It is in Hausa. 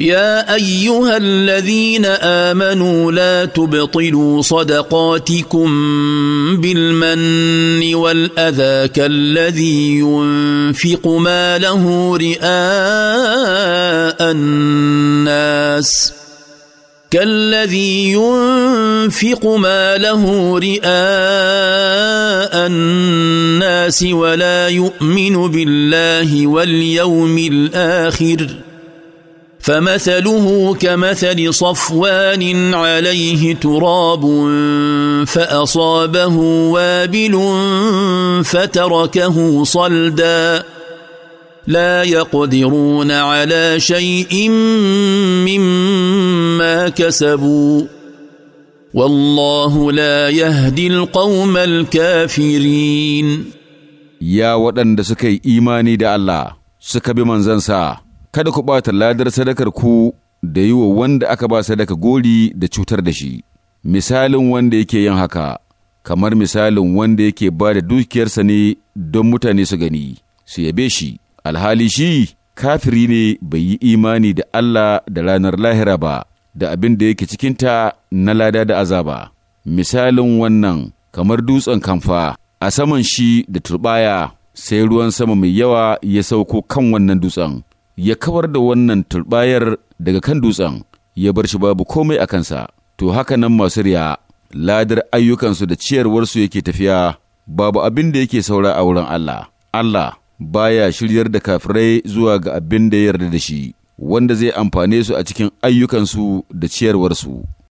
يا ايها الذين امنوا لا تبطلوا صدقاتكم بالمن والاذى كالذي ينفق له رئاء الناس كالذي ينفق له رئاء الناس ولا يؤمن بالله واليوم الاخر فمثله كمثل صفوان عليه تراب فاصابه وابل فتركه صلدا لا يقدرون على شيء مما كسبوا والله لا يهدي القوم الكافرين يا ودن سكي ايماني دا الله da منزنسا kada ku ɓata ladar sadakar ku da yi wa wanda aka ba sadaka gori da cutar da shi, misalin wanda yake yin haka, kamar misalin wanda yake ba da dukiyarsa ne don mutane su gani, su yabe shi, alhali shi kafiri ne bai yi imani da Allah da ranar lahira ba, da abin da yake cikinta na lada da azaba. Misalin wannan kamar dutsen kamfa a saman shi da turbaya sai ruwan sama mai yawa ya sauko kan wannan dutsen. ya kawar da wannan turbayar daga kan dutsen ya bar shi babu komai a kansa to haka nan masu riya ladar ayyukansu da ciyarwarsu yake tafiya babu abin da yake saura a wurin Allah Allah baya shiryar da kafirai zuwa ga abin da ya yarda da shi wanda zai amfane su a cikin ayyukansu da ciyarwarsu